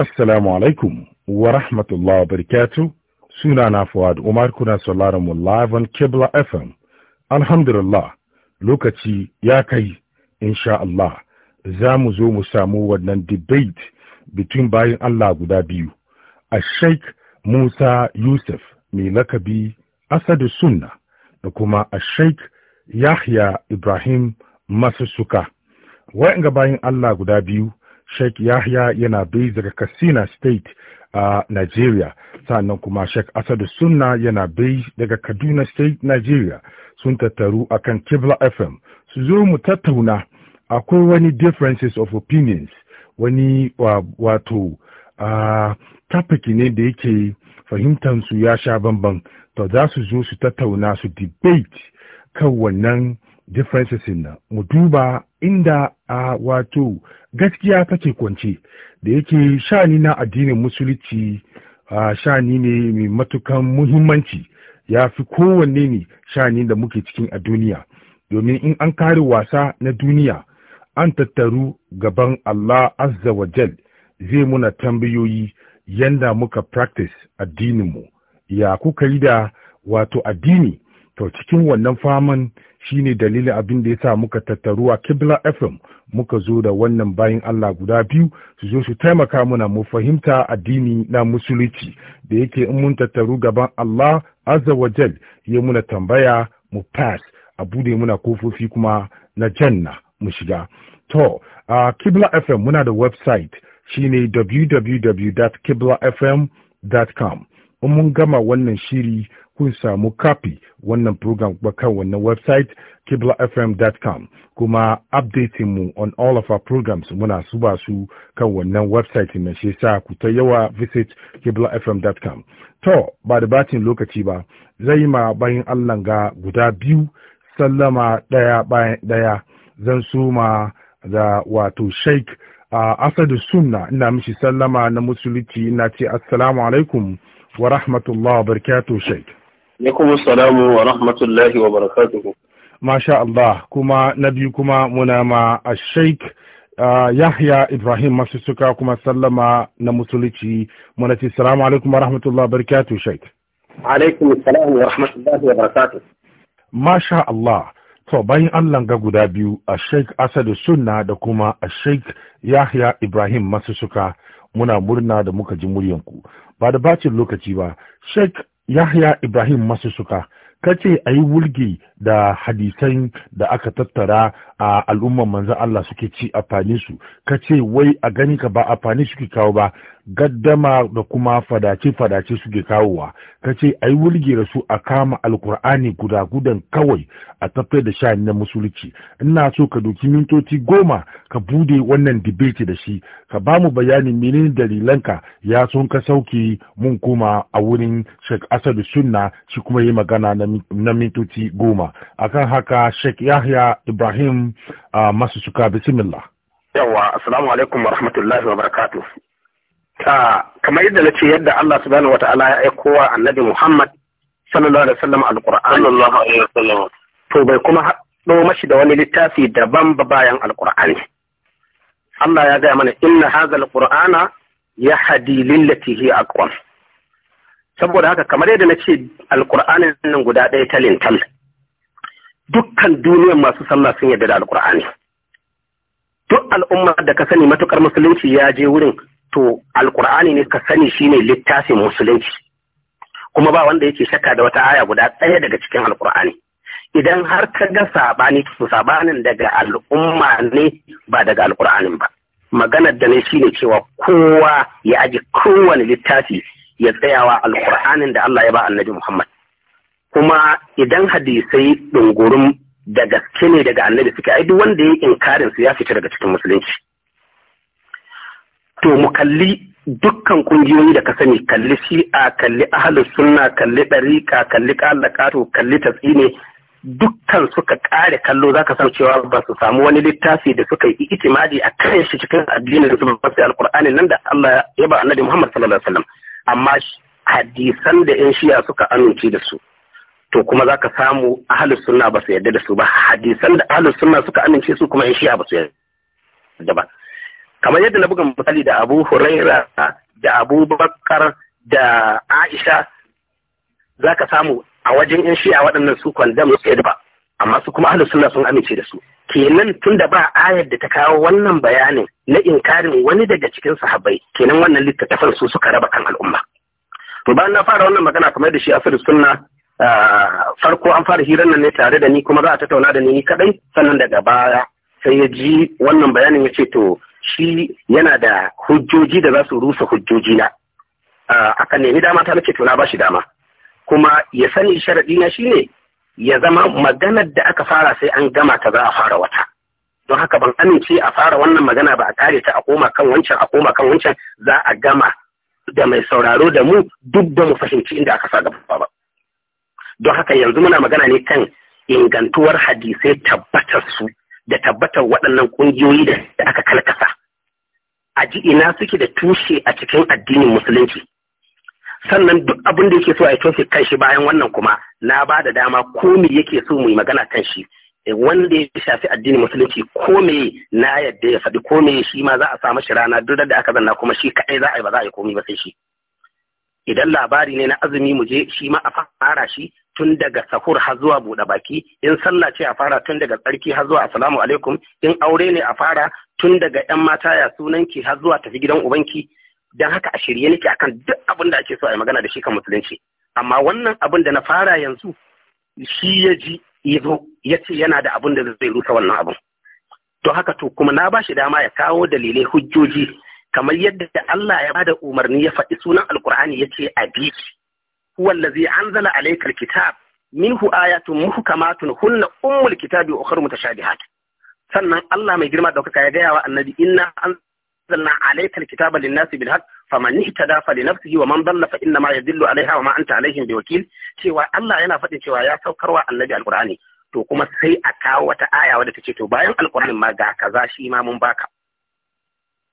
Assalamu alaikum wa rahmatullahi wa barakatu. Suna na Fuad Umar kuna sauraron mu live on Kibla FM. Alhamdulillah, lokaci ya kai, insha Allah, za mu zo mu samu wannan debate between bayan Allah guda biyu. A Sheikh Musa Yusuf mai lakabi Asadu Sunna da kuma a Sheikh Yahya Ibrahim Masussuka. ga bayan Allah guda biyu Sheikh Yahya yana daga Katsina State a Nigeria, sannan kuma Sheikh Asadu Sunna yana bai daga Kaduna State, Nigeria sun tattaru akan Kibla FM. Su zo mu tattauna akwai wani differences of opinions wani wato wa topic ne da yake fahimtansu ya sha bamban to za su zo su tattauna su debate kan wannan differences nan mu duba inda a wato gaskiya take kwance da yake shani na addinin musulunci shani ne mai matukan muhimmanci ya fi kowanne ne shani da muke cikin a duniya domin in an kare wasa na duniya an tattaru gaban Allah azza wa jal zai muna tambayoyi yanda muka practice mu, ya kuka yi da wato addini to cikin wannan faman shi ne dalilin abin da ya sa muka a kibla fm muka zo da wannan bayan allah guda biyu su zo su taimaka muna mu fahimta addini na musulunci da yake in mun tattaru gaban allah azza wa jal ya muna tambaya mu pass a bude muna kofofi kuma na janna mu shiga to a kibla fm muna da website shine www.kiblafm.com in mun gama wannan shiri kun samu kafi wannan program kan wannan website kiblafm.com kuma updating mu on all of our programs muna su ba su kan wannan website na shi sa ku ta yawa visit kiblafm.com to ba da batin lokaci ba zai ma bayan Allah ga guda biyu sallama daya bayan daya zan suma da wato sheikh uh, asadu sunna ina mishi sallama na musulunci ina ce assalamu alaikum wa rahmatullahi wa barakatuhu shaikh ya kuma salamu wa rahmatullahi wa barakatuhu masha Allah kuma na biyu kuma muna ma a sheik yahya ibrahim masu suka kuma sallama na musulunci muna ce salamu alaikum wa rahmatullahi wa barakatuhu sheik alaikum salamu wa rahmatullahi wa barakatuhu masha Allah to bayan Allah ga guda biyu a sheik asadu sunna da kuma a sheik yahya ibrahim masu suka muna murna da muka ji muryanku ba da bacin lokaci ba sheikh yahya ibrahim masu suka kace a yi wulgi da hadisan da aka tattara a al'ummar manzan Allah suke ci amfaninsu, su kace wai a gani ka ba amfani suke kawo ba gaddama da kuma fadace-fadace suke kawowa ka ce a yi wulge su a kama alkur'ani guda-gudan kawai a tafiyar da shani na musulunci ina so ka doki mintoci goma ka bude wannan dibeti da shi ka ba mu bayani menene dalilanka ya sun ka sauki mun kuma a wurin shek asadu sunna shi kuma yi magana na mintoci goma akan haka shek yahya ibrahim ah, masu suka bismillah yawa assalamu alaikum wa rahmatullahi wa kamar yadda na ce yadda Allah subhanahu wata'ala ya aiko wa annabi Muhammad sallallahu alaihi wasallam alqur'ani sallallahu alaihi wasallam to bai kuma haɗo mashi da wani littafi daban ba bayan alqur'ani Allah ya gaya mana inna hadha alqur'ana yahdi lillati hi aqwam saboda haka kamar yadda na ce alqur'ani nan guda ɗaya ta lintal dukkan duniyar masu sallah sun yarda da alqur'ani duk al'umma da ka sani matukar musulunci ya je wurin to alkur'ani ne ka sani shine littafin musulunci kuma ba wanda yake shakka da wata aya guda ɗaya daga cikin alkur'ani idan har ka ga sabani to sabanin daga al'umma ne ba daga alkur'anin ba maganar da ne shine cewa kowa ya aji kowane littafi ya tsayawa alkur'anin da Allah ya ba annabi Muhammad kuma idan hadisai dungurum da gaske ne daga annabi suke ai duk wanda ya inkarin su ya fita daga cikin musulunci to mu kalli dukkan kungiyoyi da ka sani kalli shi'a kalli ahalus sunna kalli ɗarika, kalli ƙallakato kalli ne, dukkan suka ƙare kallo za ka san cewa ba su samu wani littafi da suka yi itimadi a kan shi cikin addini da su ba su alƙur'ani nan da Allah ya ba annabi Muhammad sallallahu alaihi wasallam amma hadisan da yan shi'a suka amince da su to kuma za ka samu ahalus sunna ba su yarda da su ba hadisan da ahalus sunna suka amince su kuma yan shi'a ba su yarda ba kamar yadda na buga misali da Abu Huraira da Abu Bakar da Aisha za ka samu a wajen yan shi'a waɗannan su kwandam su ke ba amma su kuma ahlus sunna sun amince da su kenan tun da ba ayar da ta kawo wannan bayanin na inkarin wani daga cikin sahabbai kenan wannan littattafan su suka raba kan al'umma to bayan na fara wannan magana kamar da shi asir sunna farko an fara hirar nan ne tare da ni kuma za a tattauna da ni kaɗai sannan daga baya sai ya ji wannan bayanin ya ce to shi yana da hujjoji da za su rusa hujjoji na kan nemi dama ta nace tuna ba shi dama kuma ya sani sharadi na shine ya zama maganar da aka fara sai an gama ta za a fara wata don haka ban amince a fara wannan magana ba a kare ta a koma kan wancan a koma kan wancan za a gama da mai sauraro da mu duk da mu fahimci inda aka sa gaba ba don haka yanzu muna magana ne kan ingantuwar hadisai tabbatar su da tabbatar waɗannan ƙungiyoyi da aka kalkasa a ji ina suke da tushe a cikin addinin musulunci sannan duk abin da yake so a tofe kan shi bayan wannan kuma na ba da dama ko me yake so mu yi magana kan shi eh, wanda ya shafi addinin musulunci ko me na yadda ya faɗi ko me shi ma za a samu shi rana duk da aka zanna kuma shi kaɗai za a yi ba za a yi komai ba sai shi idan labari ne na azumi mu je shi ma a fara shi tun daga sahur har zuwa buɗe baki in sallah ce a fara tun daga tsarki har zuwa assalamu alaikum in aure ne a fara tun daga yan mata ya sunanki har zuwa tafi gidan ubanki dan haka a shirye nake akan duk abin da ake so a yi magana da shi kan musulunci amma wannan abin da na fara yanzu shi ya ji ya zo ya ce yana da abin da zai rusa wannan abin Don haka to kuma na ba shi dama ya kawo dalilai hujjoji kamar yadda Allah ya bada umarni ya faɗi sunan alkur'ani ya ce a bi huwa allazi anzala alayka alkitab minhu ayatun muhkamatun hunna ummul kitabi wa ukhra mutashabihat sannan Allah mai girma daukaka ya gaya wa annabi inna anzalna alayka alkitaba lin-nasi bil haqq faman ihtada falinafsihi wa man dalla fa inna ma yadillu Alayha, wa ma anta alaihim biwakil cewa Allah yana faɗin cewa ya saukarwa annabi alkur'ani to kuma sai a kawo wata aya wadda ce. to bayan alkur'anin ma ga kaza shi ma mun baka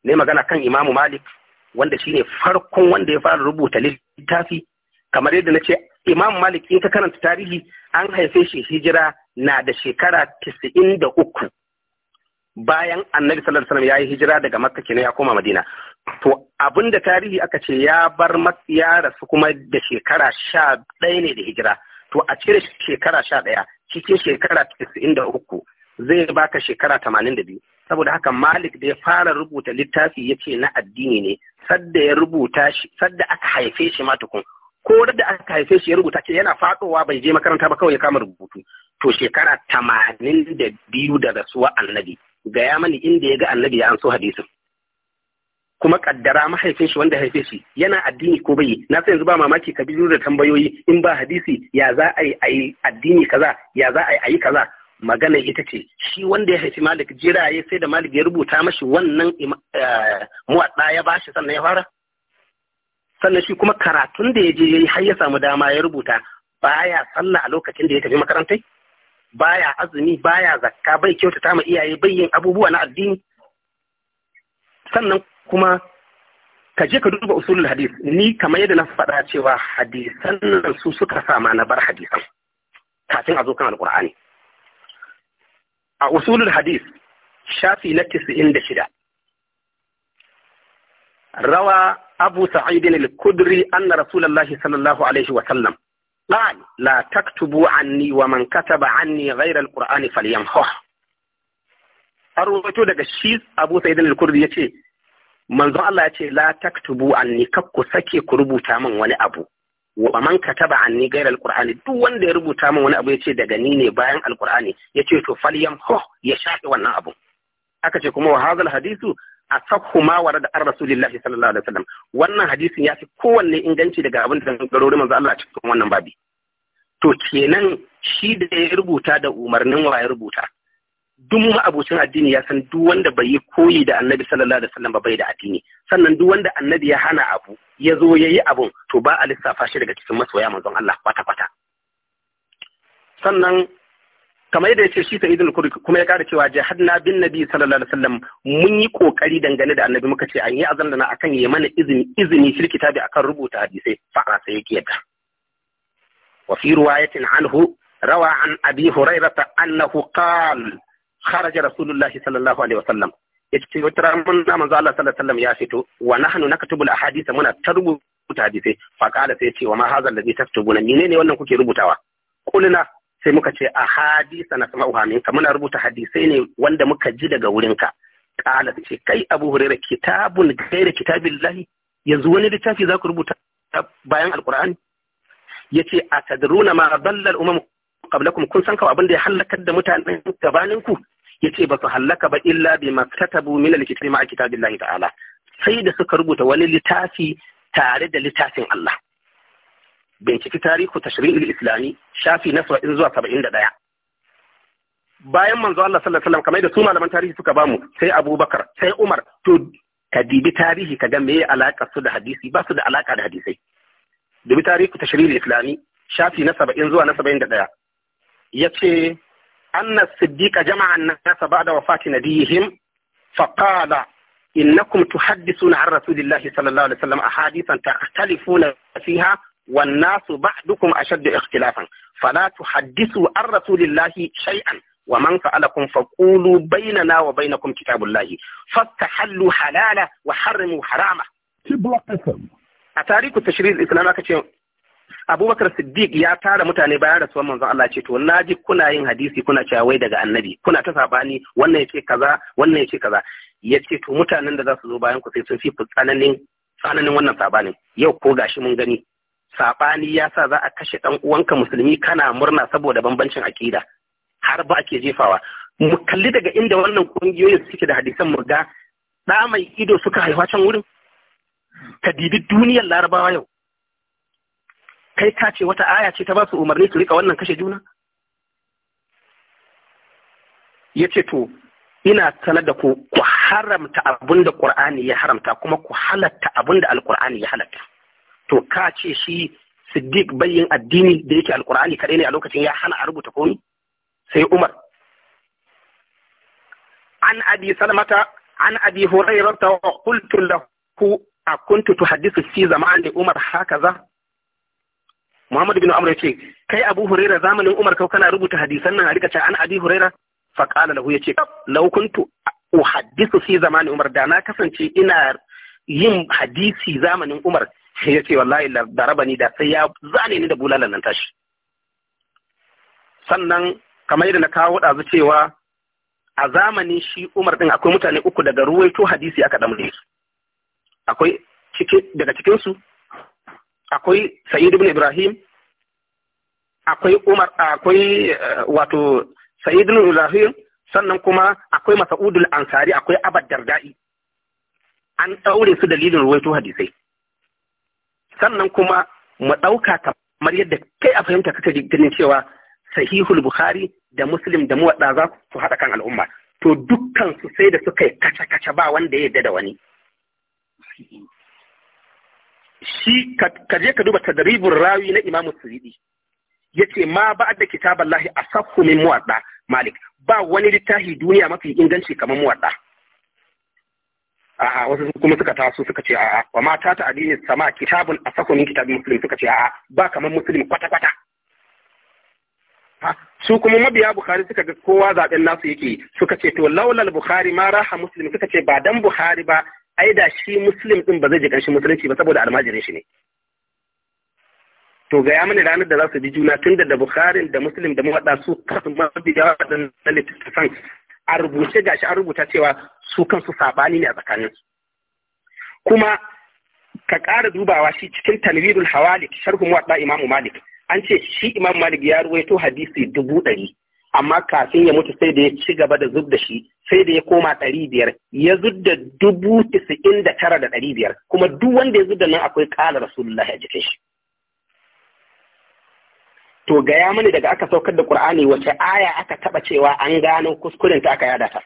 ne magana kan imamu malik wanda shine farkon wanda ya fara rubuta littafi kamar yadda na ce imam malik in ka karanta tarihi an haife shi hijira na da shekara tisa'in da uku bayan annabi sallallahu alaihi wasallam ya yi hijira daga makka kenan ya koma madina to abinda tarihi aka ce ya bar ya rasu kuma da shekara sha ɗaya ne da hijira to a cire shekara sha ɗaya cikin shekara tisa'in da uku zai baka shekara tamanin da biyu saboda haka Malik da ya fara rubuta littafi ya ce na addini ne sadda ya rubuta shi sadda aka haife shi ma ko da aka haife shi ya rubuta ce yana fadowa bai je makaranta ba kawai ya kama rubutu to shekara tamanin da biyu da rasuwa annabi gaya mani inda ya ga annabi ya an so hadisin kuma kaddara mahaifin shi wanda haife shi yana addini ko bai na san yanzu ba mamaki ka biyu da tambayoyi in ba hadisi ya za a yi addini kaza ya za a yi kaza magana ita ce shi wanda ya haifi malik ya sai da malik ya rubuta mashi wannan eh, muwaɗa ya bashi sannan ya fara sannan shi kuma karatun da ya je ya yi har ya samu dama ya rubuta baya sallah a lokacin da ya tafi makaranta baya azumi baya zakka bai kyautata ma iyaye bai yin abubuwa na addini sannan kuma ka je ka duba usulul hadis ni kamar yadda na faɗa cewa hadisan nan su suka sa ma na bar hadisan kafin a zo kan alqur'ani a usulul hadis shafi na tisa'in da shida rawa abu sa'idin al-kudri anna rasulullahi sallallahu alaihi wa sallam قال لا تكتبوا عني ومن كتب عني غير القرآن فليمحوه أروتو daga shi Abu Sa'id al-Kurdi yace manzon Allah yace la taktubu anni ku sake ku rubuta min wani abu wa man kataba anni ghayra alqur'ani duk wanda ya rubuta min wani abu yace daga ni ne bayan alqur'ani yace to falyam ho ya shafi wannan abu aka ce kuma wa hadhal hadithu asahhu ma warada an rasulillah sallallahu alaihi wasallam wannan hadisin ya fi kowanne inganci daga abin da garori manzo Allah cikin wannan babi to kenan shi da ya rubuta da umarnin wa ya rubuta duk ma'abocin addini ya san duk wanda bai yi koyi da annabi sallallahu alaihi wasallam ba bai da addini sannan duk wanda annabi ya hana abu ya zo ya yi abun to ba a lissafa shi daga cikin masoya manzon Allah kwata kwata sannan kamar yadda ce shi ta idin kuri kuma ya kara cewa jahadna bin nabi sallallahu alaihi wasallam mun yi kokari dangane da annabi muka ce an yi azan da na akan ya mana izini izini shi kitabi akan rubuta hadisai fa sai yake yadda wa fi riwayatin anhu rawa an abi hurairata annahu qala kharaja rasulullahi sallallahu alaihi wasallam yace wata ranar na manzo Allah sallallahu alaihi wasallam ya fito wa nahnu naktubu al-ahadith muna tarbuta hadisi fa qala sai ce wa ma hadha alladhi taktubuna menene wannan kuke rubutawa kulna sai muka ce ahadisa na sama'uha minka muna rubuta hadisai ne wanda muka ji daga wurinka qala ce kai abu hurairah kitabun ghayra kitabillahi yanzu wani littafi za ku rubuta bayan alqur'ani yace atadruna ma dallal umam qablakum kun san kawai abinda da ya halakar da mutanen gabanin ku yace ba su halaka ba illa bi maktatabu min alkitabi ma kitabillahi ta'ala sai da suka rubuta wani littafi tare da littafin Allah binciki tarihu tashri'il islami shafi na 70 zuwa 71 bayan manzo Allah sallallahu alaihi wasallam kamar da su malaman tarihi suka bamu sai Abubakar sai Umar to ka dibi tarihi ka ga meye alaka su da hadisi ba su da alaka da hadisai dubi tarihu tashri'il islami shafi na 70 zuwa na 71 yace anna siddiqa jama'a an-nasa ba'da wafati nabiyihim fa qala innakum tuhaddisuna an rasulillahi sallallahu alaihi wasallam ahadithan takhtalifuna fiha والناس بعدكم أشد اختلافا فلا تحدثوا عن رسول الله شيئا ومن فعلكم فقولوا بيننا وبينكم كتاب الله فاستحلوا حلاله وحرموا حرامه تبلغ أثم أتاريك التشريع الإسلامي كتير abubakar siddiq ya tara mutane bayan rasuwar manzon Allah ce to na ji kuna yin hadisi kuna cewa wai daga annabi kuna ta sabani wannan yace kaza wannan yace kaza yace to mutanen da za su zo bayan ku sai sun fi tsananin tsananin wannan sabanin yau ko gashi mun gani sabani ya sa za a kashe dan uwanka musulmi kana murna saboda bambancin akida har ba ake jefawa mu kalli daga inda wannan kungiyoyin suke da hadisan mu ga da mai ido suka haifa can wurin ka dibi duniyar larabawa yau kai ka ce wata aya ce ta ba su umarni su rika wannan kashe juna ya ce to ina sanar da ku ku haramta abin da ƙur'ani ya haramta kuma ku halatta abin da alƙur'ani ya halatta to ka ce shi siddiq bayin addini da yake alƙur'ani kaɗai ne a lokacin ya hana a rubuta komi sai umar an abi salamata an abi hurairata wa a lahu akuntu tuhaddisu fi ne umar haka za? Muhammad bin Amr yace kai Abu Huraira zamanin Umar kau kana rubuta hadisan nan a rika cewa an Abi Huraira fa qala lahu yace law kuntu uhaddithu fi zamanin Umar da na kasance ina yin hadisi zamanin Umar yace wallahi darabani da sai ya zane ni da bulalan nan tashi sannan kamar yadda na kawo ɗazu cewa a zamanin shi Umar ɗin akwai mutane uku daga ruwaito hadisi aka ɗamre su akwai daga cikinsu akwai Sa'id ibn Ibrahim akwai Umar akwai eh, wato Sa'id ibn Ibrahim sannan kuma akwai Mas'udul Ansari akwai Abad Darda'i an ɗaure su dalilin ruwaito hadisai sannan kuma mu ɗauka kamar yadda kai a fahimta kake ganin cewa sahihul bukhari da muslim da muwadda za su haɗa kan al'umma to dukkan su sai da suka yi kace-kace ba wanda ya yarda da wani shi ka je ka duba tadribur rawi na imamu suyidi yace ma ba'da kitaballahi asaffu min muwadda malik ba wani littafi duniya mafi inganci kamar muwadda a'a wasu kuma suka taso suka ce a'a wa mata ta addini sama kitabun asaffu min kitabul muslim suka ce a'a ba kamar muslim kwata kwata su kuma mabiya bukhari suka ga kowa zaben nasu yake suka ce to laulal bukhari ma raha muslim suka ce ba dan bukhari ba ai da shi muslim din ba zai ji kanshi musulunci ba saboda almajirin shi ne to ga ya mini ranar da za su ji juna tun da bukharin da muslim da muwadda su kasu mabiya na littattafan a rubuce gashi an rubuta cewa su kansu sabani ne a tsakanin. kuma ka ƙara dubawa shi cikin tanwirul hawalik sharhu muwadda imamu malik an ce shi imamu malik ya ruwaito hadisi dubu ɗari amma kafin ya mutu sai da ya ci gaba da zub da shi sai da ya koma ɗari biyar ya zub da dubu tisa'in da tara da ɗari biyar kuma duk wanda ya zub da nan akwai ƙala rasulullahi a jikin shi to gaya mani daga aka saukar da Ƙur'ani wace aya aka taɓa cewa an gano kuskuren ta aka yada ta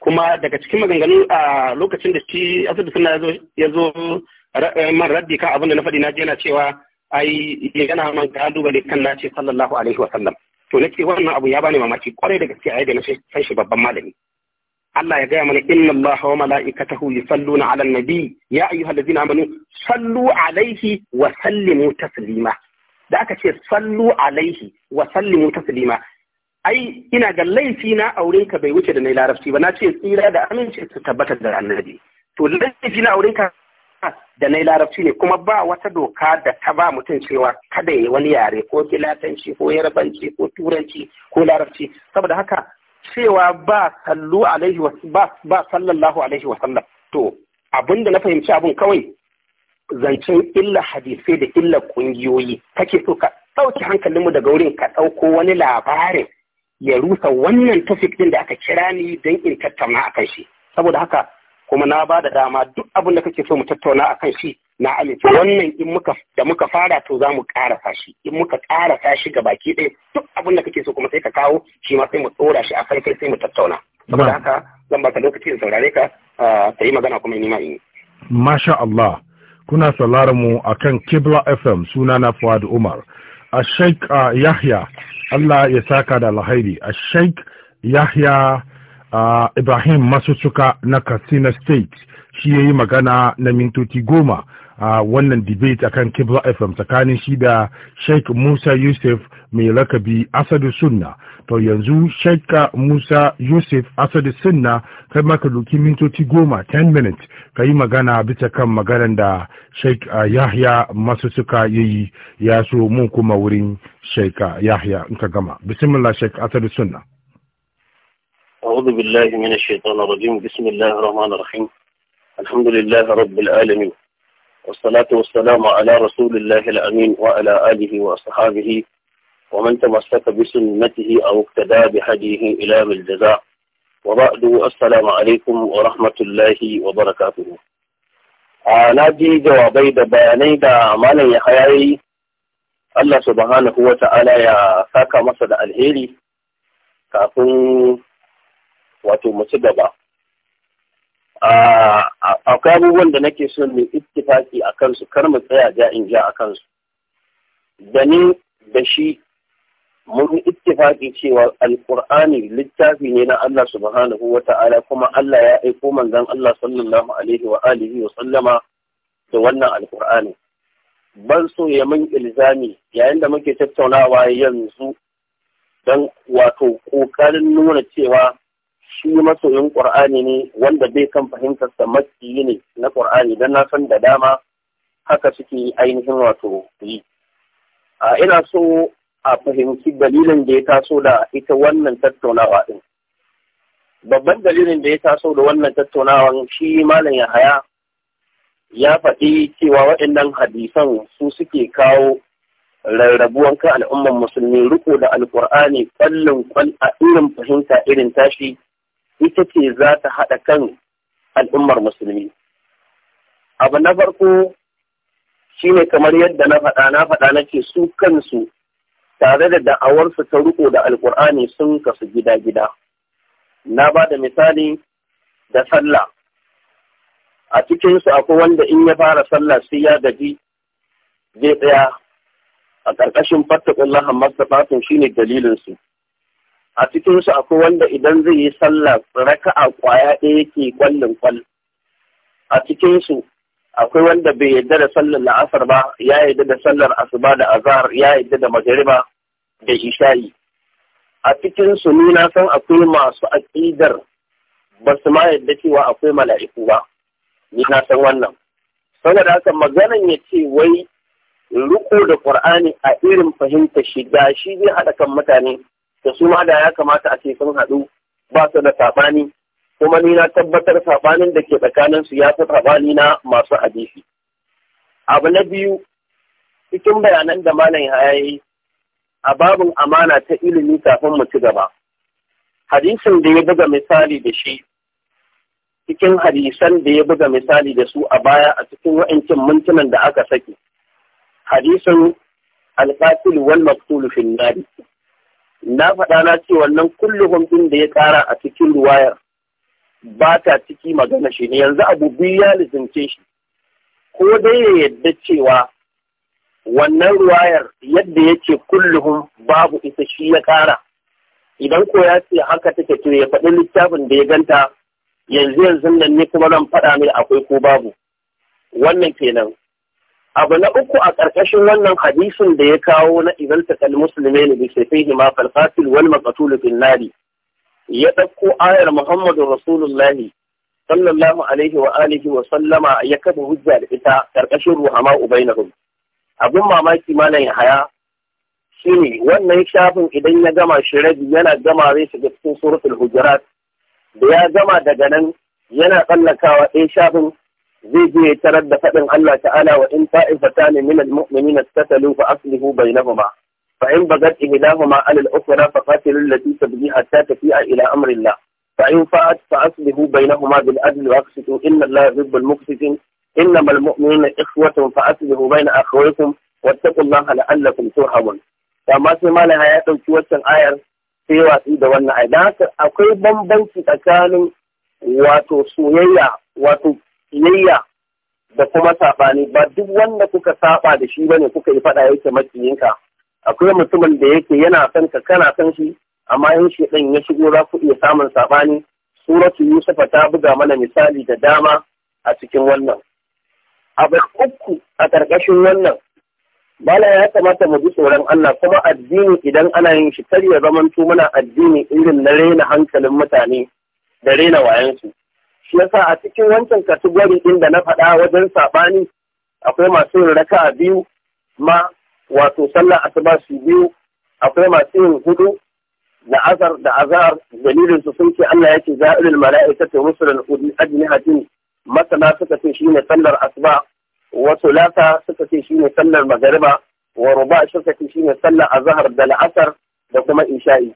kuma daga cikin maganganu a lokacin da shi asibiti suna ya zo eh, man raddi kan abin da na faɗi na je na cewa ai yana man kalubale kan ce sallallahu alaihi wa sallam to nake wannan abu ya bani mamaki kwarai da gaske ai da na san shi babban malami Allah ya gaya mana inna Allah wa mala'ikatahu yusalluna 'alan nabi ya ayyuhallazina amanu sallu alaihi wa sallimu taslima da aka ce sallu alaihi wa sallimu taslima ai ina ga laifi na auren ka bai wuce da na larabci ba na ce tsira da aminci su tabbatar da annabi to laifi na auren ka da na larabci ne kuma ba wata doka da ta ba mutum cewa kada ya wani yare ko filatanci ko yarbanci ko turanci ko larabci saboda haka cewa ba sallu alaihi wa ba sallallahu alaihi wa sallam to abinda na fahimci abun kawai zancen illa hadisai da illa kungiyoyi kake so ka ɗauki hankalinmu daga wurin ka ɗauko wani labarin ya rusa wannan tafik din da aka kira ni don in tattauna a shi saboda haka kuma na ba da dama duk abin da kake so mu tattauna akan shi na amince wannan in muka da muka fara to za mu ƙarasa shi in muka ƙarasa shi ga baki ɗaya duk abin da kake so kuma sai ka kawo shi ma sai mu tsora shi a kai sai mu tattauna saboda haka zan baka lokaci da saurare ka ka yi magana kuma ni ma in masha Allah kuna sauraron mu akan Kibla FM suna na Fuad Umar a Sheikh Yahya Allah ya saka da alhairi a Sheikh Yahya uh, ibrahim Masusuka na katsina state shi ya yi magana na mintoci goma a wannan debate akan kibla fm tsakanin shi da sheikh musa yusuf mai lakabi asadu sunna to yanzu sheikh musa yusuf asadu sunna kai maka doki mintoci goma 10 minutes ka yi magana bisa kan maganar da sheikh uh, yahya Masusuka ya yi ya so mun kuma wurin sheikh yahya in ka gama bismillah sheikh asadu sunna أعوذ بالله من الشيطان الرجيم بسم الله الرحمن الرحيم الحمد لله رب العالمين والصلاة والسلام على رسول الله الأمين وعلى آله وأصحابه ومن تمسك بسنته أو اقتدى بهديه إلى الجزاء وبعد السلام عليكم ورحمة الله وبركاته na ji jawabai da دا da malam الله سبحانه وتعالى يا ساكا مصد الهيري كافون wato mace ci gaba akwai abubuwan da nake so mai ittifaki a kansu kar mu tsaya ja in ja a kansu da ni da shi mun ittifaki cewa Alƙur'ani littafi ne na Allah subhanahu wa ta'ala kuma Allah ya aiko manzon Allah sallallahu alaihi wa alihi wa sallama da wannan alkur'ani ban so ya min ilzami yayin da muke tattaunawa yanzu don wato ƙoƙarin nuna cewa shi masoyin ƙur'ani ne wanda bai kan fahimtar sa yi ne na ƙur'ani don na san da dama haka suke ainihin wato yi a ina so a fahimci dalilin da ya taso da ita wannan tattaunawa din babban dalilin da ya taso da wannan tattaunawan shi malam yahaya ya faɗi cewa waɗannan hadisan su suke kawo rarrabuwan kan al'ummar musulmi riko da alƙur'ani ƙwallon ƙwal a irin fahimta irin tashi ita ce za ta haɗa kan al'ummar musulmi. Abu na farko shi ne kamar yadda na faɗa na faɗa na ce su kansu tare da da'awarsu ta riko da alkur'ani sun kasu gida-gida. Na ba da misali da sallah. A cikinsu akwai wanda in ya fara sallah sai ya gaji zai tsaya a ƙarƙashin fattakullahan mastafatun shi ne dalilinsu. a cikinsu akwai wanda idan zai yi sallah raka a kwaya ɗaya yake kwallon kwal a cikinsu akwai wanda bai yarda da sallar la'asar ba ya yarda da sallar asuba da azhar ya yarda da magariba da isha'i a cikin su nuna san akwai masu aƙidar ba su ma yadda cewa akwai mala'iku ba ni na san wannan saboda haka maganan ya ce wai riƙo da qur'ani a irin fahimta shiga da shi zai haɗa kan mutane da su ma da ya kamata a ce sun haɗu ba su da saɓani kuma ni na tabbatar saɓanin da ke tsakanin su ya fi saɓani na masu hadisi abu na biyu cikin bayanan da malam ya yi a babin amana ta ilimi kafin mu ci gaba hadisin da ya buga misali da shi cikin hadisan da ya buga misali da su a baya a cikin wa'incin mintunan da aka saki hadisin alƙatil wal maktulu fil nari na faɗa na ce wannan kullum ɗin da ya ƙara a cikin ruwayar ba ta ciki magana shi ne yanzu abu biyu ya lizince shi ko dai ya yadda cewa wannan ruwayar yadda ya ce kullum babu isa shi ya ƙara idan ko ya ce haka take to ya faɗi littafin da ya ganta yanzu yanzu nan ne kuma zan faɗa mai akwai ko babu wannan kenan abu na uku a ƙarƙashin wannan hadisin da ya kawo na izalta kal musulmi ne bi sai ma falfasil wal maqtul fil nari ya ɗauko ayar Muhammadu Rasulullahi sallallahu alaihi wa alihi wa sallama ya kafa hujja da ita ƙarƙashin ruhama ubainahum abun mamaki malam ya haya shine wannan shafin idan ya gama shi yana gama zai shiga cikin suratul hujurat da ya gama daga nan yana tsallakawa ɗaya shafin زي زي ترد فإن الله تعالى وإن طائفتان من المؤمنين اقتتلوا فأصله بينهما فإن بغت إلهما على الأخرى فقاتلوا التي تبغي حتى تفيء إلى أمر الله فإن فات فأصله بينهما بالعدل وأقسطوا إن الله يحب المقسطين إنما المؤمنين إخوة فأصله بين أخويكم واتقوا الله لعلكم ترحمون فما سمع لهاية شوية الآير في واسي دولنا عيدات أقوى بمبنسي تكالي واتو سوية واتو kiyayya da kuma saɓani ba duk wanda kuka saɓa da shi bane kuka yi faɗa yake makiyinka akwai mutumin da yake yana son ka kana son shi amma in shi ɗan ya shigo za ku iya samun saɓani suratu yusufa ta buga mana misali da dama a cikin wannan abu uku a ƙarƙashin wannan bala ya kamata mu ji tsoron Allah kuma addini idan ana yin shi kar ya zamanto muna addini irin na rena hankalin mutane da rena wayansu shi yasa a cikin wancan kategori din da na faɗa wajen saɓani akwai masu yin raka'a biyu ma wato sallah asuba su biyu akwai masu yin hudu da azar da azar dalilin su sun ce Allah yake za'iril mala'ikatu rusulan udi ajnihatin masana suka ce shine sallar asuba wa sulata suka ce shine sallar magariba wa ruba suka ce shine sallar azhar da la'asar da kuma isha'i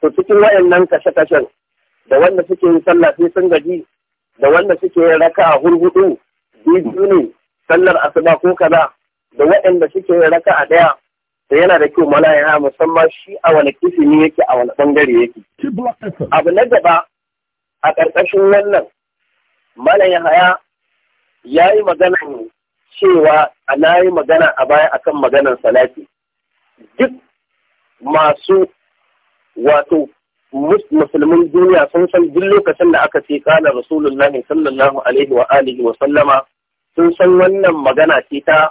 to cikin wayannan kashe-kashen da wanda suke yin sallah sai sun gaji da wanda suke raka a hurhudu biyu ne sallar asuba ko kaza da waɗanda suke raka a ɗaya da yana da kyau mana ya musamman shi a wani kifini yake a wani bangare yake. Abu na gaba a ƙarƙashin wannan mana ya haya ya yi magana cewa ana yi magana a baya akan maganar salati. Duk masu wato musulmin duniya sun san duk lokacin da aka ce kana rasulullahi sallallahu alaihi wa alihi wa sallama sun san wannan magana ce ta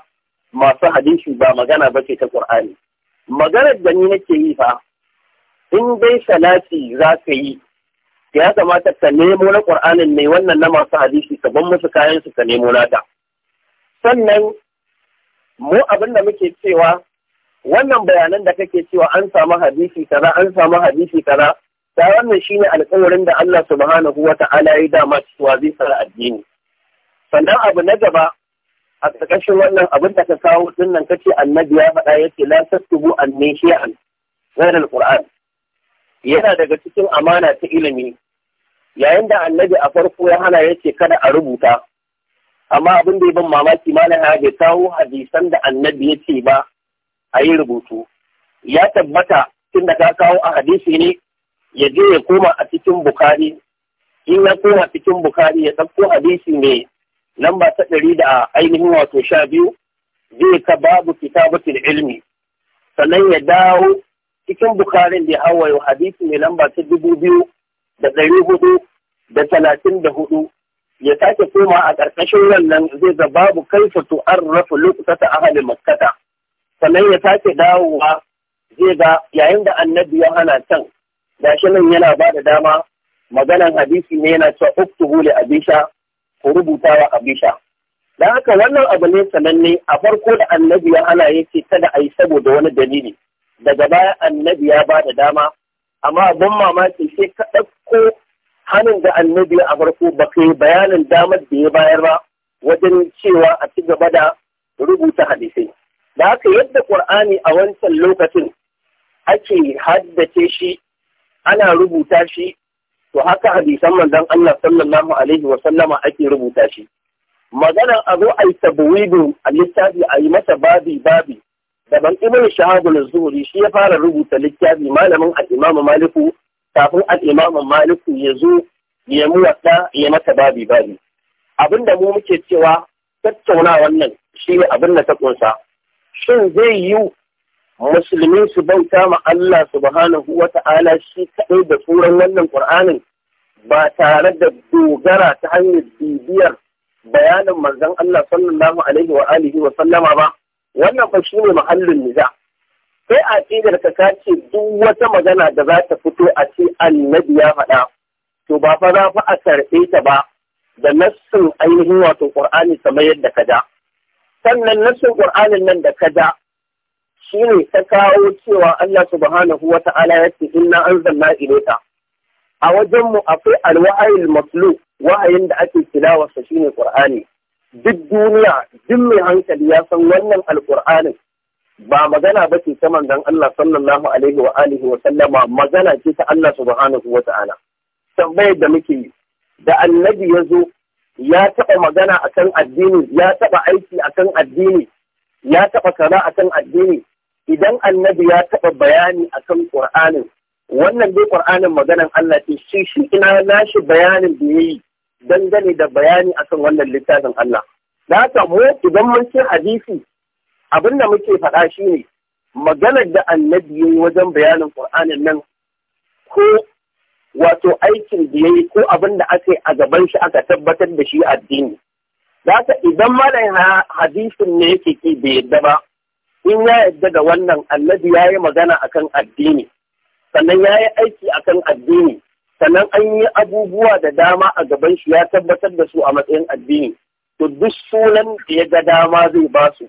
masu hadisi ba magana ba ce ta qur'ani maganar da ni nake yi fa in dai salati za ka yi ya kamata ka nemo na qur'anin ne wannan na masu hadisi ka ban musu kayan su ka nemo nata sannan mu abin da muke cewa wannan bayanan da kake cewa an samu hadisi kaza an samu hadisi kaza da wannan shine alƙawarin da Allah subhanahu wa ta'ala ya dama cewa zai tsara addini sannan abu na gaba a ƙarƙashin wannan abin da ka kawo din nan kace annabi ya faɗa yake la tasbu shi an ghayra alquran yana daga cikin amana ta ilimi yayin da annabi a farko ya hana yace kada a rubuta amma abin da ya ban mamaki malam ya bai kawo hadisan da annabi ya ce ba a yi rubutu ya tabbata tun da ka kawo a hadisi ne ya je ya koma a cikin bukari in ya koma cikin bukari ya ɗauko hadisi mai lamba ta ɗari da ainihin wato sha biyu zai ka babu kitabatul ilmi sannan ya dawo cikin bukarin da hawa yau hadisi mai lamba ta dubu biyu da ɗari hudu da talatin da hudu ya sake koma a ƙarƙashin wannan zai ga babu kai-kai kaifa lokuta ta ahali maskata sannan ya sake dawowa zai ga yayin da annabi ya hana can gashi nan yana ba da dama maganan hadisi ne yana cewa uktubu li abisha ku rubuta wa abisha Da haka wannan abu ne sananne a farko da annabi ya ana yake kada a yi saboda wani dalili daga baya annabi ya ba da dama amma abin mamaki sai ka ɗauko hannun da annabi a farko ba kai bayanin damar da ya bayar ba wajen cewa a ci gaba da rubuta hadisai da haka yadda ƙur'ani a wancan lokacin ake haddace shi ana rubuta shi to haka hadisan manzon Allah sallallahu alaihi wa sallama ake rubuta shi maganar a zo a yi a littafi a yi masa babi babi daban ibn shahabul zuhri shi ya fara rubuta littafi malamin al-imamu maliku kafin al-imamu maliku ya zo ya mu wata ya mata babi babi abinda mu muke cewa tattauna wannan shi abin da ta kunsa shin zai yi musulmin su bauta ma Allah subhanahu wa ta'ala shi kaɗai da tsoron wannan Qur'anin ba tare da dogara ta hanyar bibiyar bayanin manzon Allah sallallahu alaihi wa alihi wa sallama ba wannan fa shine mahallin niza sai a cidar ka kace duk wata magana da za ta fito a ce annabi ya faɗa to ba fa za fa a karɓe ta ba da nassin ainihin wato Qur'ani kamar yadda ka da sannan nassin Qur'anin nan da ka da shi ne ta kawo cewa Allah subhanahu wa ta'ala ya ce inna anzalna ilayka a wajen mu akwai alwa'il maslu wahayin da ake tilawa sa shine qur'ani duk duniya duk mai hankali ya san wannan alqur'anin ba magana ba ce ta manzon Allah sallallahu alaihi wa alihi wa sallama magana ce ta Allah subhanahu wa ta'ala tambayar da muke yi da annabi ya zo ya taɓa magana akan addini ya taɓa aiki akan addini ya taɓa kaza akan addini idan annabi ya taɓa bayani akan Qur'anin wannan dai ƙur'anin maganan Allah ce shi shi ina nashi bayanin da yayi dangane da bayani akan wannan littafin Allah da haka mu idan mun ce hadisi abin da muke faɗa shine maganar da annabi yayi wajen bayanin Qur'anin nan ko wato aikin da yayi ko abin da aka yi a gaban shi aka tabbatar da shi addini da haka idan malayin hadisin ne yake ki bai yadda ba in ya yadda da wannan annabi ya yi magana a kan addini sannan ya yi aiki a kan addini sannan an yi abubuwa da dama a gaban shi ya tabbatar da su a matsayin addini to duk sunan da ya ga dama zai ba su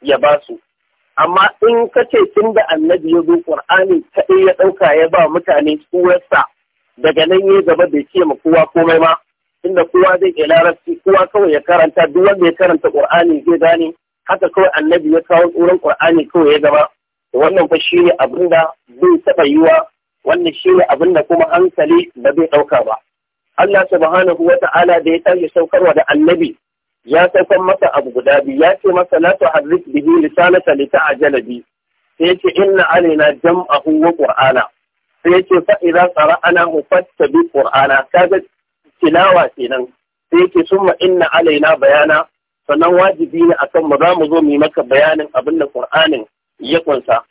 ya ba su amma in ka ce tun da annabi ya zo ƙur'ani kaɗai ya ɗauka ya ba mutane surarsa daga nan ya gaba bai ce ma kowa komai ma inda kowa zai ke larabci kowa kawai ya karanta duk wanda ya karanta ƙur'ani zai gane haka kawai annabi ya kawo tsoron ƙur'ani kawai ya gaba wannan fa ne abin da bai taba yiwa wannan ne abin da kuma hankali ba zai ɗauka ba Allah subhanahu wa ta'ala da ya tashi saukarwa da annabi ya saukar masa abu guda biyu ya ce masa la tuharrik bihi lisanaka lita'jala bi sai yace inna alaina jam'ahu wa qur'ana sai yace fa idza qara'ana fattabi qur'ana kaga tilawa kenan sai yace summa inna alaina bayana sannan wajibi ne akan mu za mu zo mu yi maka bayanin abin da Qur'anin ya kunsa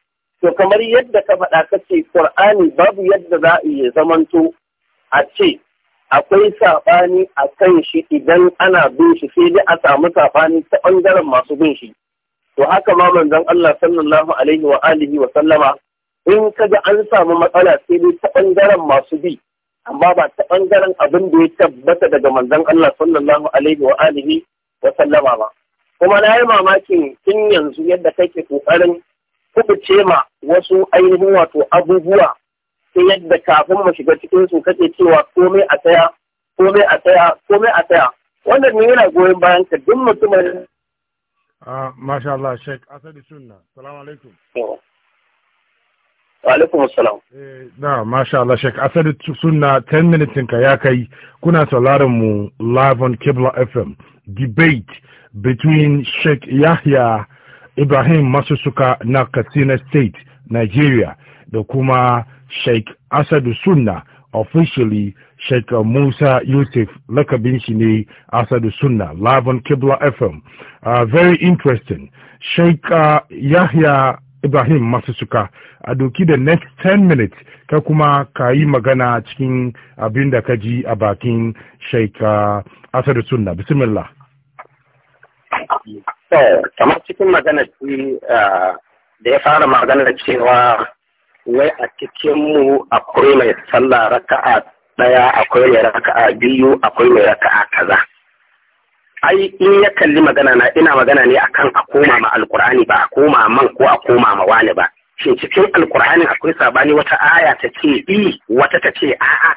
to kamar yadda ka faɗa ka ce Qur'ani babu yadda za a iya zamanto a ce akwai saɓani a kan shi idan ana bin shi sai dai a samu saɓani ta ɓangaren masu bin shi to haka ma manzon Allah sallallahu alaihi wa alihi wa sallama in kaga an samu matsala sai dai ta ɓangaren masu bi amma ba ta ɓangaren abin da ya tabbata daga manzon Allah sallallahu alaihi wa alihi wa sallama ba kuma na yi mamakin tun yanzu yadda kake ƙoƙarin kubuce ma wasu ainihin wato abubuwa ta yadda kafin mu shiga cikin su kake cewa komai a tsaya komai a tsaya komai a tsaya wannan ne yana goyon bayan ka duk mutumin ah, Masha Allah, Sheikh Asadi Sunna. Salamu alaikum. alaikum assalam eh, na masha Allah shek asali suna 10 minutes ka ya kai kuna sauraron mu live on Kibla FM debate between Sheikh Yahya Ibrahim Masusuka na Katsina State Nigeria da kuma Sheikh Asadu Sunna officially Sheikh Musa Yusuf lakabin shi ne Asadu Sunna live on Kibla FM uh, ah, very interesting Sheikh uh, Yahya Ibrahim Masusuka a doki da next ten minutes ka kuma ka yi magana cikin abin da ka ji a bakin shaika uh, asar Sunna bismillah kamar cikin magana ce uh, da ya fara magana cewa wai a cikin mu akwai mai sallah raka'a daya akwai mai raka'a biyu akwai mai raka'a kaza ai in ya kalli magana na ina magana ne akan a koma ma alkur'ani ba a koma man ko a koma ma wani ba shin cikin alkur'ani akwai sabani wata aya ta ce i wata ta ce a'a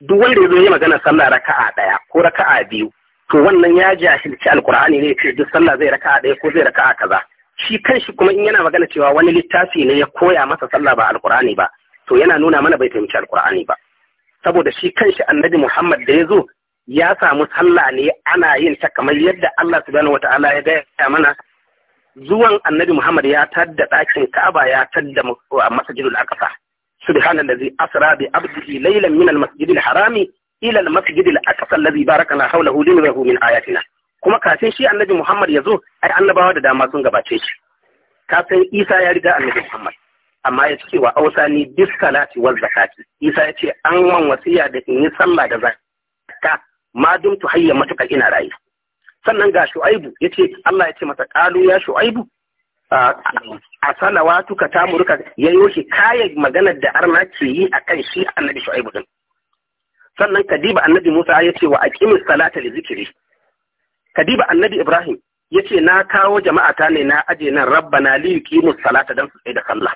duk wanda ya zo yi magana sallah raka'a ɗaya ko raka'a biyu to wannan ya jahilci alkur'ani ne ce duk sallah zai raka'a ɗaya ko zai raka'a kaza shi kanshi kuma in yana magana cewa wani littafi ne ya koya masa sallah ba alkur'ani ba to yana nuna mana bai fahimci alkur'ani ba saboda shi kan shi annabi Muhammad da ya zo ya samu sallah ne ana yin ta kamar yadda Allah subhanahu wata'ala ya gaya mana zuwan annabi Muhammad ya tadda ɗakin Ka'aba ya tadda masjidul Aqsa subhanallazi asra bi abdihi laylan min al-masjidil harami ila al na Aqsa alladhi barakana hawlahu linurahu min ayatina kuma kafin shi annabi Muhammad ya zo ai annabawa da dama sun gabace shi kafin Isa ya riga annabi Muhammad amma ya ce wa ausani bis salati zakati Isa ya ce an wan wasiya da in yi sallah da zakati ma tu hayya matakar ina rayu sannan ga shu'aibu yace Allah ya ce masa qalu ya shu'aibu a salawatuka ta murka ya yoshi kaya magana da arna ke yi akan shi annabi shu'aibu din sannan kadiba annabi Musa ya ce wa aqimis salata li zikri kadiba annabi Ibrahim ya ce na kawo jama'ata ne na aje nan rabbana li yuqimus salata dan su da sallah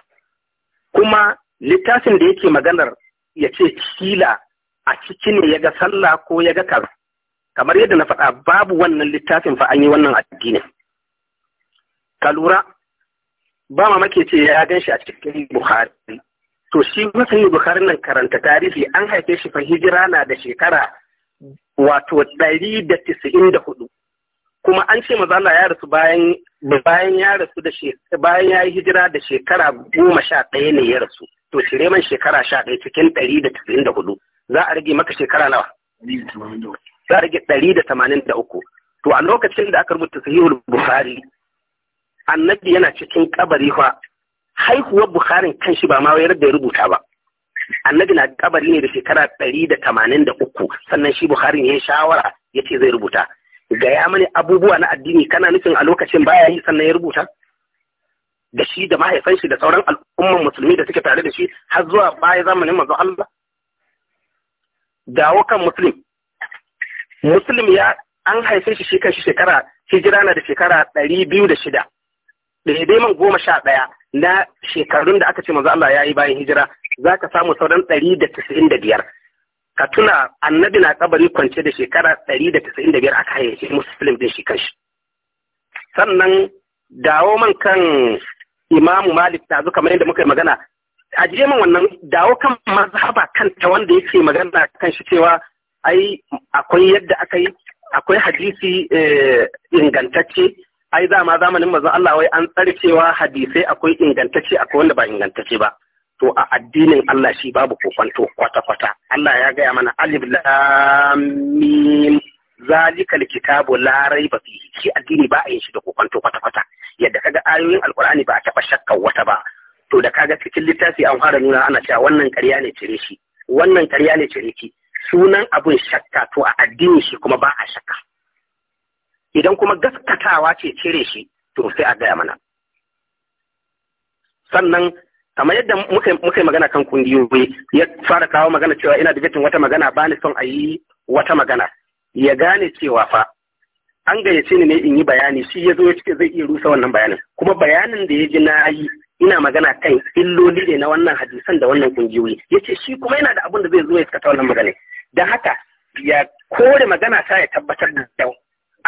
kuma littafin da yake maganar ya ce kila a ciki ne ya ga sallah ko ya ga kaza kamar yadda na faɗa babu wannan littafin fa an yi wannan addinin ka lura ba mamaki ce ya gan shi a cikin buhari to shi masanin buhari nan karanta tarihi an haife shi fa hijira na da shekara wato ɗari da tisa'in da hudu kuma an ce maza ya rasu bayan bayan ya rasu da bayan ya yi hijira da shekara goma sha ɗaya ne ya rasu to shi man shekara sha ɗaya cikin ɗari da tisa'in da hudu za a rage maka shekara nawa za a rage ɗari da tamanin da uku to a lokacin da aka rubuta sahihul bukhari annabi yana cikin kabari fa haihuwar bukharin kan shi ba ma wayar da ya rubuta ba annabi na kabari ne da shekara ɗari da tamanin da uku sannan shi bukharin ya shawara ya ce zai rubuta gaya mani abubuwa na addini kana nufin a lokacin baya yi sannan ya rubuta da shi da mahaifan da sauran al'umman musulmi da suke tare da shi har zuwa baya zamanin mazu Allah dawo kan muslim muslim ya an haife shi shi kan shi shekara hijira na da shekara ɗari biyu da shida daidai man goma sha ɗaya na shekarun da aka ce manzo Allah ya yi bayan hijira za ka samu sauran ɗari da tasirin da biyar ka tuna annabi na kabari kwance da shekara ɗari da tasirin da biyar aka haife muslim din shi kanshi sannan dawo man kan imamu malik ɗazu kamar yadda muka yi magana ajiye man wannan dawo kan mazhaba kanta wanda yake magana kan shi cewa ai akwai yadda aka yi akwai hadisi eh, ingantacce ai ma zamanin mazan Allah wai an tsare cewa hadisai akwai ingantacce akwai wanda ba ingantacce ba to a addinin Allah shi babu kokonto kwata-kwata Allah ya gaya mana alif lam mim zalika alkitabu la raiba fihi shi addini ba a yin shi da kokonto kwata-kwata yadda kaga ayoyin alqur'ani ba a taba shakkar wata ba to da kaga cikin littafi an fara nuna ana cewa wannan karya ne cire shi wannan karya ne cire ki sunan abin shakka to a addini shi kuma ba a shakka idan kuma gaskatawa ce cire shi to sai a gaya mana sannan kamar yadda muka yi magana kan kungiyoyi ya fara kawo magana cewa ina da wata magana ba ni son a yi wata magana ya gane cewa fa an gayyace ni ne in yi bayani shi ya zo ya cike zai iya rusa wannan bayanin kuma bayanin da ya ji na yi ina magana kan illoli ne na wannan hadisan da wannan kungiyoyi ce shi kuma yana da abin da zai zo ya fita wannan magana dan haka ya kore magana ta ya tabbatar da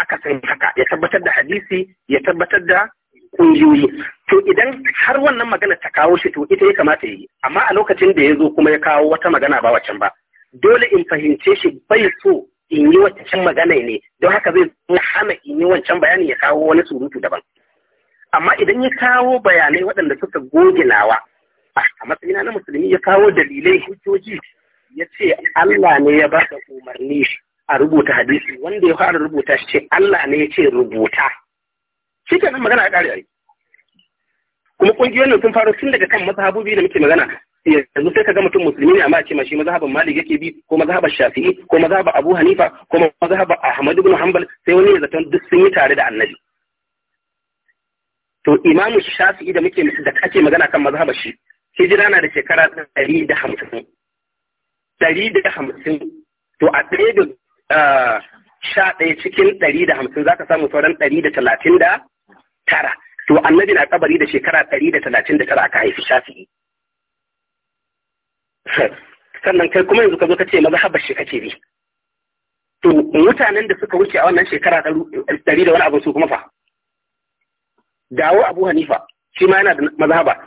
aka san haka ya tabbatar da hadisi ya tabbatar da kungiyoyi to idan har wannan magana ta kawo shi to ita ya kamata yi amma a lokacin da ya zo kuma ya kawo wata magana ba wacan ba dole in fahimce shi bai so in yi wancan magana ne don haka zai hana in yi wancan bayani ya kawo wani surutu daban amma idan ya kawo bayanai waɗanda suka goge nawa a matsayina na musulmi ya kawo dalilai hujjoji ya ce Allah ne ya ba da umarni a rubuta hadisi wanda ya fara rubuta shi ce Allah ne ya ce rubuta shi ke magana a ƙari kuma ƙungiyoyin sun faro tun daga kan mazhabobi da muke magana yanzu sai ka ga mutum musulmi ne amma a ce mashi mazhaban malik yake bi ko mazhaban shafi'i ko mazhaban abu hanifa ko mazhaban ahmad ibn hanbal sai wani ya zaton duk sun yi tare da annabi to imamu shafi'i da muke da ake magana kan mazhabar shi hijira na da shekara ɗari da hamsin ɗari da hamsin to a ɗaya da sha ɗaya cikin ɗari da hamsin za ka samu sauran ɗari da talatin da tara to annabi na kabari da shekara ɗari da talatin da tara aka haifi shafi'i sannan kai kuma yanzu ka zo ka ce mazhabar shi kake bi to mutanen da suka wuce a wannan shekara ɗari da wani abu su kuma fa dawo abu hanifa shi ma yana da mazhaba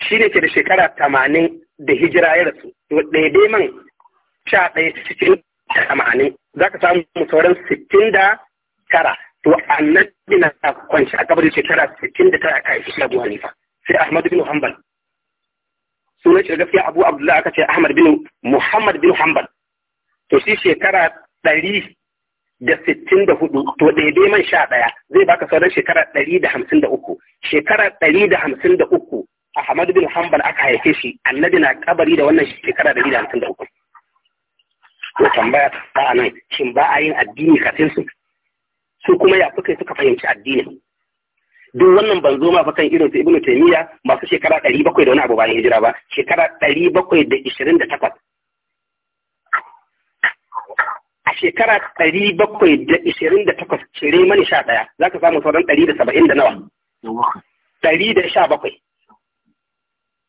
shi ne ke da shekara tamanin da hijira ya rasu daidai man sha ɗaya cikin tamanin za ka samu sauran sittin da tara to annabi na kwanci a gabar shekara sittin da tara kai shi abu hanifa sai ahmad bin hanbal sunan shi gaskiya abu abdullahi aka ce ahmad bin muhammad bin hanbal to shi shekara ɗari da sittin da hudu to ɗaiɗai man sha ɗaya zai baka sauran shekara ɗari da hamsin da uku shekara ɗari da hamsin da uku Ahmad bin Hanbal aka haife shi annabi na kabari da wannan shekara ɗari da hamsin da uku to tambaya ta nan shin ba a yin addini kafin su su kuma ya suka suka fahimci addini duk wannan ban zo ma fa kan irin su Ibn Taymiyyah masu shekara ɗari bakwai da wani abu bayan hijira ba shekara ɗari bakwai da ishirin da takwas shekara ɗari bakwai da ishirin da takwas cire mani sha ɗaya za ka samu sauran ɗari da saba'in da nawa ɗari da sha bakwai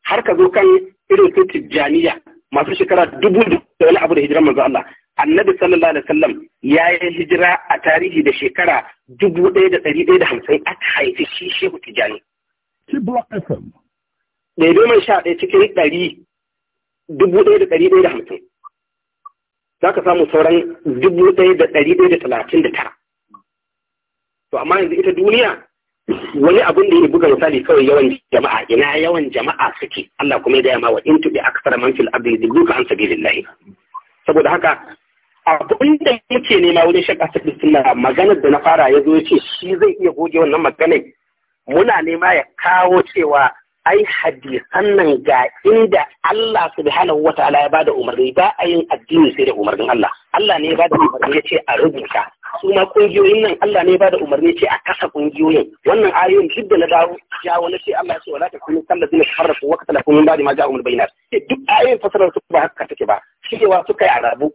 har ka zo kan irin su tijjaniya masu shekara dubu da wani abu da hijiran manzo Allah annabi sallallahu alaihi wasallam ya yi hijira a tarihi da shekara dubu ɗaya da ɗari ɗaya da hamsin aka haifi shi shehu tijjani. Daidai man sha ɗaya cikin ɗari dubu ɗaya da ɗari ɗaya da hamsin. za ka samu sauran dubu ɗaya da ɗari ɗaya da talatin da tara to amma yanzu ita duniya wani abin da ya buga misali kawai yawan jama'a ina yawan jama'a suke Allah kuma ya gaya ma wa in tubi aksar man fil ardi duka an lillahi. saboda haka abin da muke nema wurin shakka ta sunna maganar da na fara ya zo ya ce shi zai iya goge wannan maganar muna nema ya kawo cewa ai hadisan nan ga inda Allah subhanahu wa ta'ala ya bada umarni ba a yin addini sai da umarnin Allah Allah ne ya bada umarni ya ce a rubuta su ma kungiyoyin nan Allah ne ya bada umarni ya ce a kasa kungiyoyin wannan ayoyin duk da na dawo ya wani ce Allah ya ce wala takunu kallazina harrafu wa katala min ba ma ja'ahumul bayinat eh, duk ayoyin fasarar su ba haka take ba wa suka yi arabu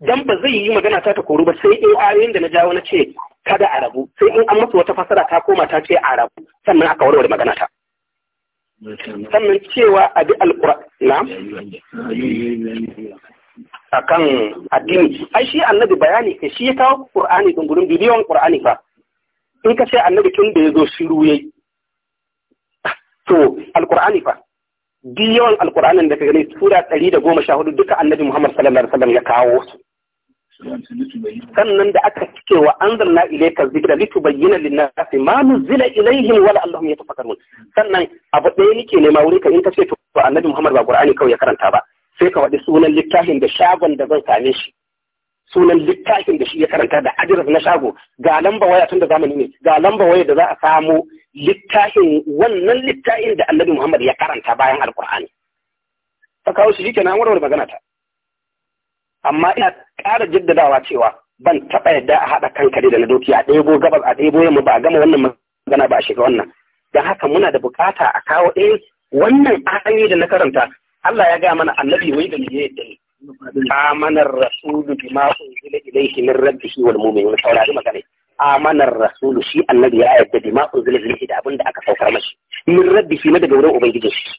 dan ba zai yi magana ta ta koru ba sai in ayoyin da na jawo na ce kada a rabu sai in an masa wata fasara ta koma ta ce a sannan aka warware magana ta sannan cewa a bi alƙura na a kan addini ai shi annabi bayani ka shi ya kawo ƙur'ani ɗin gudun bidiyon ƙur'ani fa in ka ce annabi tun da ya zo shiru ya yi to alƙur'ani fa bidiyon alƙur'anin da ka gani sura ɗari da goma sha hudu duka annabi muhammad sallallahu alaihi wasallam ya kawo su sannan da aka cike wa anzalna ilayka dhikra bayyana lin-nasi ma nuzila ilaihim wala la'allahum yatafakkarun sannan abu ɗaya nake nema wuri ka in ka ce to annabi Muhammad ba Qur'ani kawai ya karanta ba sai ka waɗi sunan littafin da shagon da zan same shi sunan littafin da shi ya karanta da adiras na shago ga lamba waya tun da zamani ne ga lamba waya da za a samu, littafin wannan littafin da annabi Muhammad ya karanta bayan alkur'ani ta kawo shi kenan an warware magana ta amma ina ƙara jaddadawa cewa ban taɓa yadda a haɗa kankare da na doki a ɗebo gabas a ɗebo yamma ba a gama wannan magana ba a shiga wannan don haka muna da bukata a kawo ɗaya eh, wannan ayoyi da na karanta Allah ya gaya mana annabi wai da miye da amanar rasulu bima unzila ilayhi min rabbihi wal mu'minun saurari magana amanar rasulu shi annabi ya yadda bima unzila ilayhi da abin da aka saukar mashi min rabbihi na daga wurin ubangijin shi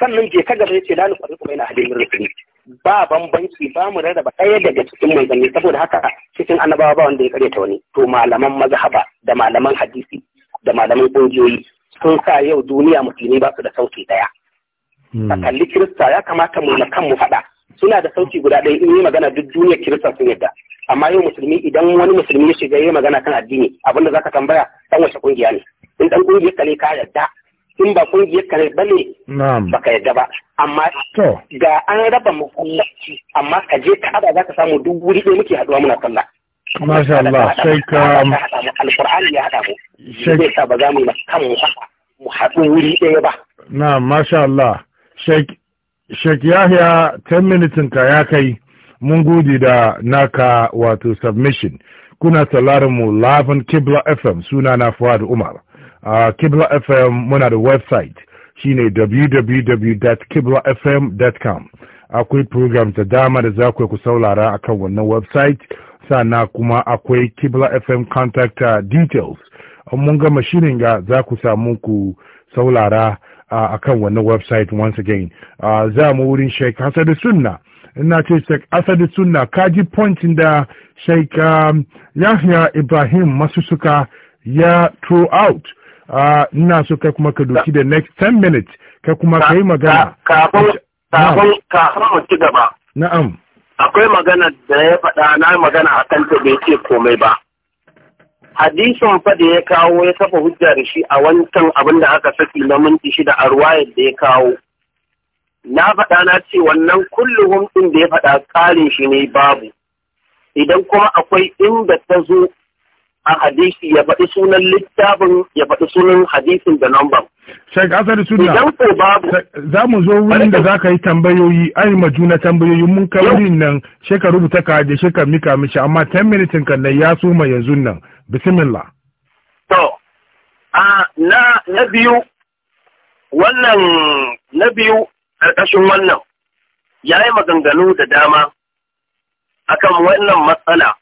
sannan je ka gaba yace ni nuqritu baina hadin min rusuli ba bambanci ba mu rarraba ɗaya daga cikin manzanni saboda haka cikin annabawa ba wanda ya ta wani to malaman mazhaba da malaman hadisi da malaman ƙungiyoyi sun sa yau duniya musulmi ba su da sauti ɗaya. Hmm. A kalli Kirista ya kamata mu na kanmu faɗa suna da sauti guda ɗaya in yi magana duk duniyar Kirista sun yadda. Amma yau musulmi idan wani musulmi ya shiga ya magana kan addini abinda ka tambaya ɗan wace ƙungiya ne. In ɗan ƙungiyar ka ne ka yadda in ba kungiyar kare ba ne baka yadda ba amma ga an raba masallaci amma ka je ka ada za ka samu duk wuri ɗaya muke haɗuwa muna sallah Masha Allah, sai ka... Alƙur'ani ya haɗa mu. sai ka ba za mu yi kan mu haɗu wuri ɗaya ba. Na, Masha Allah, Sheikh Yahya 10 minitin ka ya kai mun gode da naka wato submission. Kuna sauraron mu Lafin Kibla FM suna na Fuad Umar. Uh, kibla fm muna da website shine www.kiblafm.com akwai program da dama da za ku saulara akan wannan website sana kuma akwai kibla fm contact uh, details mun gama shirin ga za ku samu ku saurara uh, a kan wannan website once again za mu wurin sheik hasadu sunna ina ce sheik hasadu sunna kaji point da sheik um, yahya ibrahim masu suka ya throw out Ah, ina so kai kuma ka doki da next 10 minutes kai kuma ka yi magana kafin mu ci gaba na'am akwai magana da ya faɗa na magana a ta bai ce komai ba hadisin fa da ya kawo ya kafa hujja da shi a wancan abin da aka saki na minti shida a ruwayar da ya kawo na faɗa na ce wannan kullum ɗin da ya faɗa tsarin shi ne babu idan kuma akwai inda ta zo a hadisi ya faɗi sunan littafin ya faɗi sunan hadisin da ba. Sheikh Asad suna. Idan ko babu. Za mu zo wurin da za ka yi tambayoyi, ai ma juna tambayoyi mun kai wurin nan sai ka rubuta ka da sai ka mika mishi amma 10 minitin kan nan ya suma yanzu nan. Bismillah. To, a na na biyu wannan na biyu ƙarƙashin wannan ya yi maganganu da dama akan wannan matsala